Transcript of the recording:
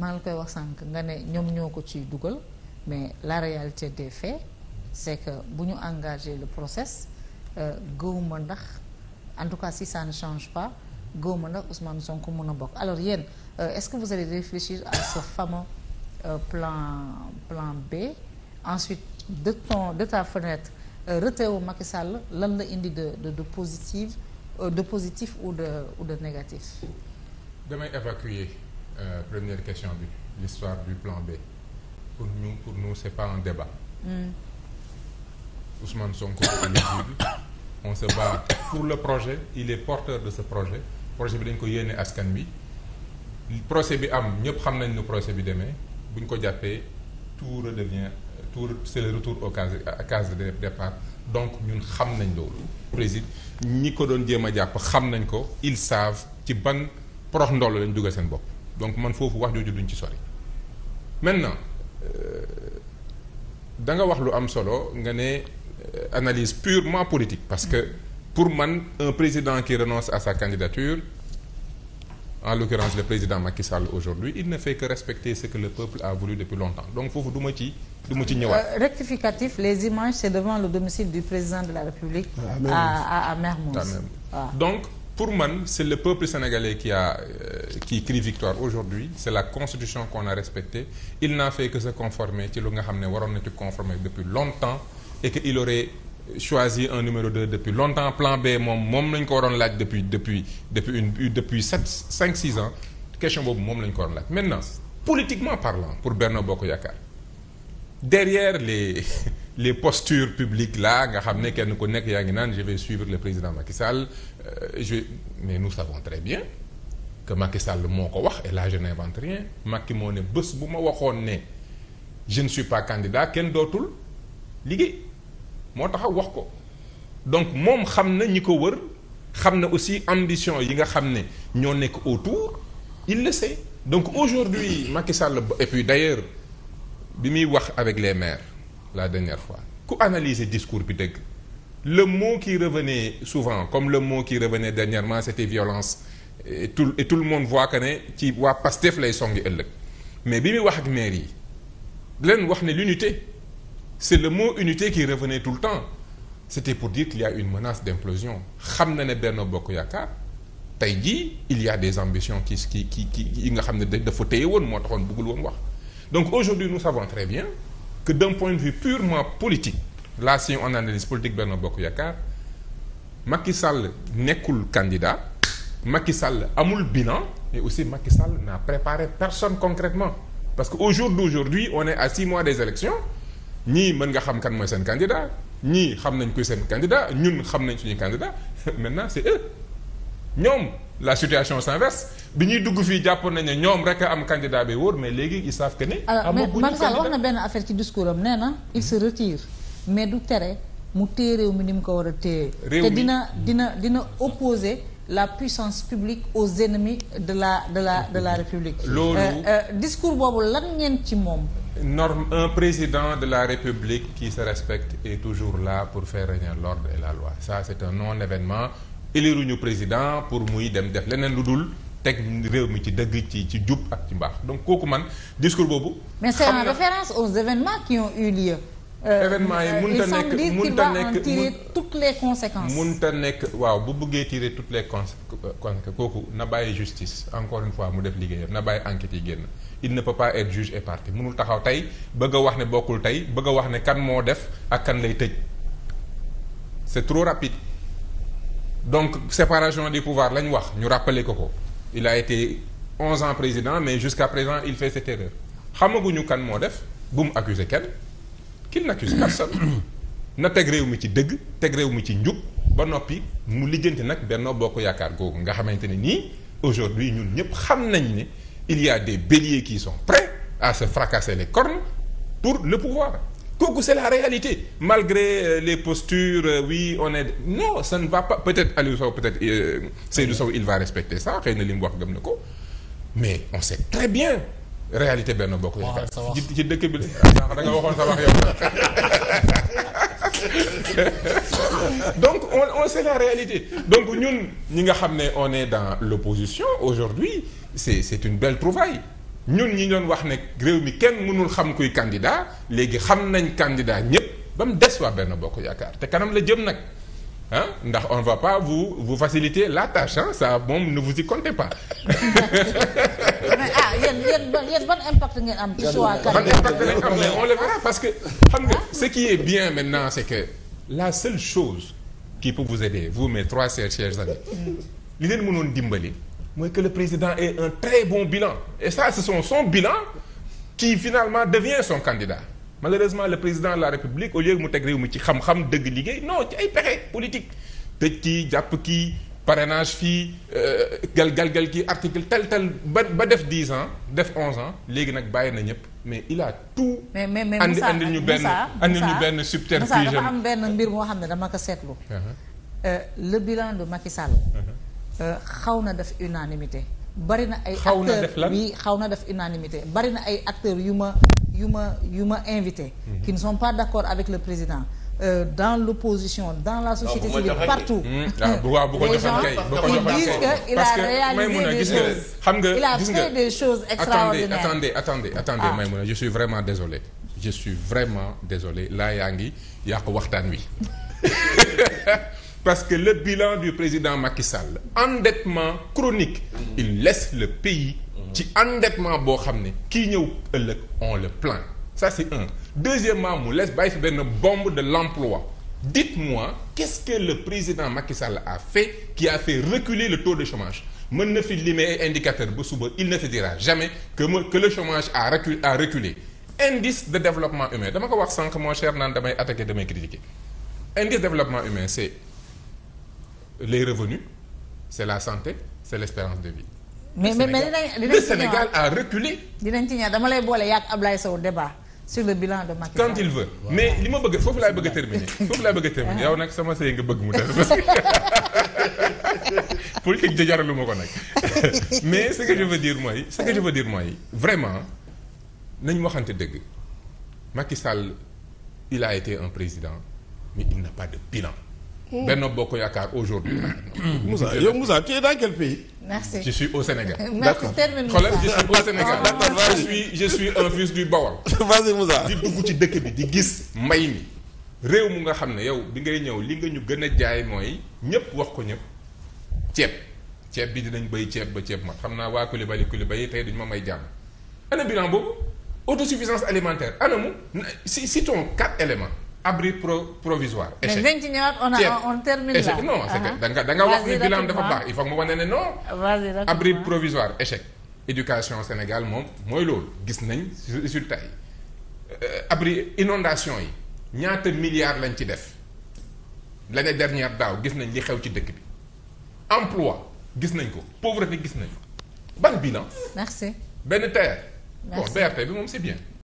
maa ngi koy wax sànq nga ne ñoom ñoo ko ci dugal mais la réalité des faits c' est que bu ñu engagé le process euh, gëwuma ndax en tout cas si ça ne change pas gëwuma ndax Ousmane Sonko mën a bokk alors yéen euh, est ce que vous allez réfléchir à euh, plan plan B ensuite de ton de ta fenêtre reteewu Macky Sall lan la indi de de de positif de positif ou de ou de négatif. damay évacuer. euh, première question bi l'histoire du plan B pour nous pour nous c'est pas un débat mm. Ousmane Sonko éligible on se pour le projet il est porteur de ce projet projet bi dañ ko yéene askan bi procès bi am ñëpp xam nañ nu projet bi demee bu ñu ko jàppee tout redevient tout c'est le retour au case à case de départ donc ñun xam nañ loolu président ñi ko doon jéem a jàpp xam nañ ko ils savent ci ban prox ndoll lañ dugal seen bopp donc man foofu wax jooju duñ ci sori maintenant euh, da nga wax lu am solo nga ne euh, analyse purement politique parce que pour man un président qui renonce à sa candidature en l'occurrence le président Macky Sall aujourd'hui il ne fait que respecter ce que le peuple a voulu depuis longtemps donc foofu du ci duma ci euh, ñëwaat. rectificatif les images c'est devant le domicile du président de la République. à à donc. pour man c'est le peuple sénégalais qui a euh, qui crie victoire aujourd'hui c'est la constitution qu'on a respectée il n'a fait que se conformer ci lu nga xam ne waroon na ci conformer depuis longtemps et que il aurait choisi un numéro 2 depuis longtemps plan B moom moom lañ ko waroon laaj depuis depuis depuis une depuis sept cinq six ans question boobu moom lañ ko waroon laaj maintenant politiquement parlant pour Benno Bokk Yaakaar derrière les les postures publiques la nga xam ne kenn ku nekk yaa ngi naan je vais suivre le président Macky euh, je mais nous savons très bien que Macky Sall moo ko wax et la je n'invente rien moo ne bés bu ma waxoon ne je ne suis pas candidat kenn dootul liggéey moo tax wax ko donc moom xam na ñi ko wër xam na aussi ambition yi nga xam ne ñoo nekk autour il le sait donc aujourd'hui Macky Sall et puis d'ailleurs bi muy wax avec les maires la dernière fois ku analyser discours bi dëgg le mot qui revenait souvent comme le mot qui revenait dernièrement c'était violence et tout le monde voit que ne ci waa Pastef lay songi ëllëg mais bi muy wax ak maire yi leen wax ne l'unité c'est le mot unité qui revenait tout le temps c'était pour dire qu'il y a une menace d'implosion xam na ne benn Bokk Yaakaar tey jii il y a des ambitions qui ki ki yi nga xam ne dafa téye woon moo taxoon bëggul woon wax donc aujourd'hui nous savons très bien que d'un point de vue purement politique là si on analyse politique Benno Bokk Yaakaar Macky Sall nekkul candidat Macky Sall amul bilan mais aussi Macky Sall n'a préparé personne concrètement parce que au jour d'aujourd'hui on est à six mois des élections ñii mën nga xam kan mooy seen candidat ñii xam nañ koy seen candidat ñun xam nañ ni suñuy candidat maintenan c'est eux ñoom la situation s'inverse bi ñuy dugg fii jàppoon nañ ne ñoom rek am candidat bi wóor mais léegi ils savent que ne. wax na benn affaire ci discours am nee na il se retire mais du tere mu téye réew mi ni mu ko war a téye. te dina dina dina opposer la puissance publique aux ennemis de la de la de la république. loolu euh, euh, discours boobu lan ngeen ci moom. norme un président de la république qui se respecte est toujours là pour faire régner l'ordre et la loi ça c'est un non événement éliruñu président pour muy dem def leneen lu dul. teg réew mi ci dëgg ci ci jub ak ci mbaax donc kooku man discours boobu. mais c'est en référence aux événements qui ont eu lieu. Euh, événement yi mënta nekk mënta nekk tirer toutes les conséquences. nekk waaw bu bëggee tirer toutes les conséquences kooku na bàyyi justice encore une fois mu def liggéeyam na bàyyi enquête yi génn il ne peut pas être juge et partie mënul taxaw tey bëgg a wax ne bokkul tey bëgg a wax ne kan moo def ak kan lay tëj c'est trop rapide donc séparation des pouvoirs lañ wax ñu rappeler ko ko. il a été onze ans président mais jusqu'à présent il fait cette erreur xamaguñu kan moo def bu mu accuser kenn qu'il n'accuse personne na teg réew mi ci dëgg teg réew mi ci njub ba noppi mu lijjanti nag Benno Bokk Yaakaar googu nga xamante ne nii aujourd'hui ñun ñëpp xam nañ ni il y a des béliers qui sont prêts à se fracasser les cornes pour le pouvoir kooku c'est la réalité malgré euh, les postures euh, oui on est non ça ne va pas peut-être Aliou Sow peut-être euh, Seydou Sow il va respecter ça xëy na li mu wax gëm na ko mais on sait très bien réalité benn bokk ci ci dëkk bi la ah, da nga waxoon sa wax yow donc on on sait la réalité donc ñun ñi nga xam ne on est dans l'opposition aujourd'hui c'est c'est une belle trouvaille ñun ñi doon wax ne réew mi kenn mënul xam kuy candidat léegi xam nañ candidat ñëpp ba mu des waa benn bokk yaakaar te kanam la jëm nag ah, ndax on va pas vous vous faciliter la tâche ah moom ne vous y comptez pas. mais ah yéen yéen ban yéen ban impact ngeen am. ci choix ban impact lañ am mais on le parce que. xam nga ce qui est bien maintenant c'est que la seule chose qui peut vous aider vous mes trois chers chers mm. li leen mënoon dimbali. mooy que le président ait un très bon bilan et ça ce sont son bilan qui finalement devient son candidat malheureusement le président de la république au lieu mu teg réew mi ci xam-xam dëgg liggéey non ci ay pexe politique tëj kii jàpp kii parrainage fii euh, gal gal gal kii article tel tel ba ba def dix ans def onze ans léegi nag bàyyi na ñëpp mais il a tout. mais mais mais andi andi ñu benn andi ñu benn subterfuge dafa am benn mbir moo xam ne dama ko seetlu. Uh-huh. Euh, le bilan de Macky Sall. Uh-huh. xaw na def unanimité bari na ay acteurs oui xaw na def unanimité bari na ay acteurs yu ma yu ma yu ma invité mhm. qui ne sont pas d'accord avec le président Euh, dans l'opposition dans la société non, civile partout. bu waaw hmm. ah, bu ko joxoon que il a réalisé des choses xam nga il a fait des choses extraordinaires attendez attendez attendez ah. Maïmouna je suis vraiment désolé je suis vraiment désolé laa yaa ngi yàq waxtaan wi. parce que le bilan du président Macky Sall endettement chronique il laisse le pays ci endettement boo xam ne kii ñëw ëllëg on le plaint ça c'est un deuxièmement mu laisse bàyyi fi benn bombe de l'emploi dites-moi qu'est-ce que le président Macky Sall a fait qui a fait reculer le taux de chômage mën na fi limee indicateur bu suba il ne se dira jamais que le chômage a reculé a reculé indice de développement humain dama ko wax sànq mon cher naan damay attaquer damay critiquer indice développement humain les revenus c'est la santé c'est l'espérance de vie. mais mais mais le Sénégal a reculé. dinañ ci ñëwaat dama lay boole yàgg Ablaye Sow débat sur le bilan de Macky Sall. quand li ma bëgg foofu bëgg a terminer foofu bëgg a terminer yow nag sama sëy nga ma ko nag mais ce que mooy ce que mooy vraiment nañ waxante dëgg Macky Sall il a été un président mais il n'a pas de bilan. Hmm. Benno Bokk Yaakaar aujourd'hui. Moussa yow Moussa tu es dans quel pays. merci je suis au Sénégal. merci termine Moussa je suis au d'accord ah. je suis je suis un fils du Bawol. vas-y di dugg ci dëkk bi di gis mbay mi. réew mu nga xam ne yow bi ngay ñëw li nga ñu gën a jaay mooy ñëpp wax ko ñëpp ceeb ceeb bi dinañ béy ceeb ba ceeb ma xam naa waa Coulibaly Coulibaly tey duñu ma may jàmm. ana bilan boobu autosuffisance alimentaire ana mu si citons quatre éléments. abri pro provisoire. échec mais ci ñëwaat on a on termine là échec non c'est ah, que ah. da nga da nga wax ni bilan dafa baax il faut que mu wane ne non. abri provisoire échec. éducation Sénégal moom mooy loolu gis nañ résultat yi euh, abri inondation yi ñaata milliards lañ ci def l'année dernière daaw gis nañ li xew ci dëkk bi emploi gis nañ ko pauvreté gis nañ ko ban bilan. merci benn TER. bon BRT bi moom c'est bien.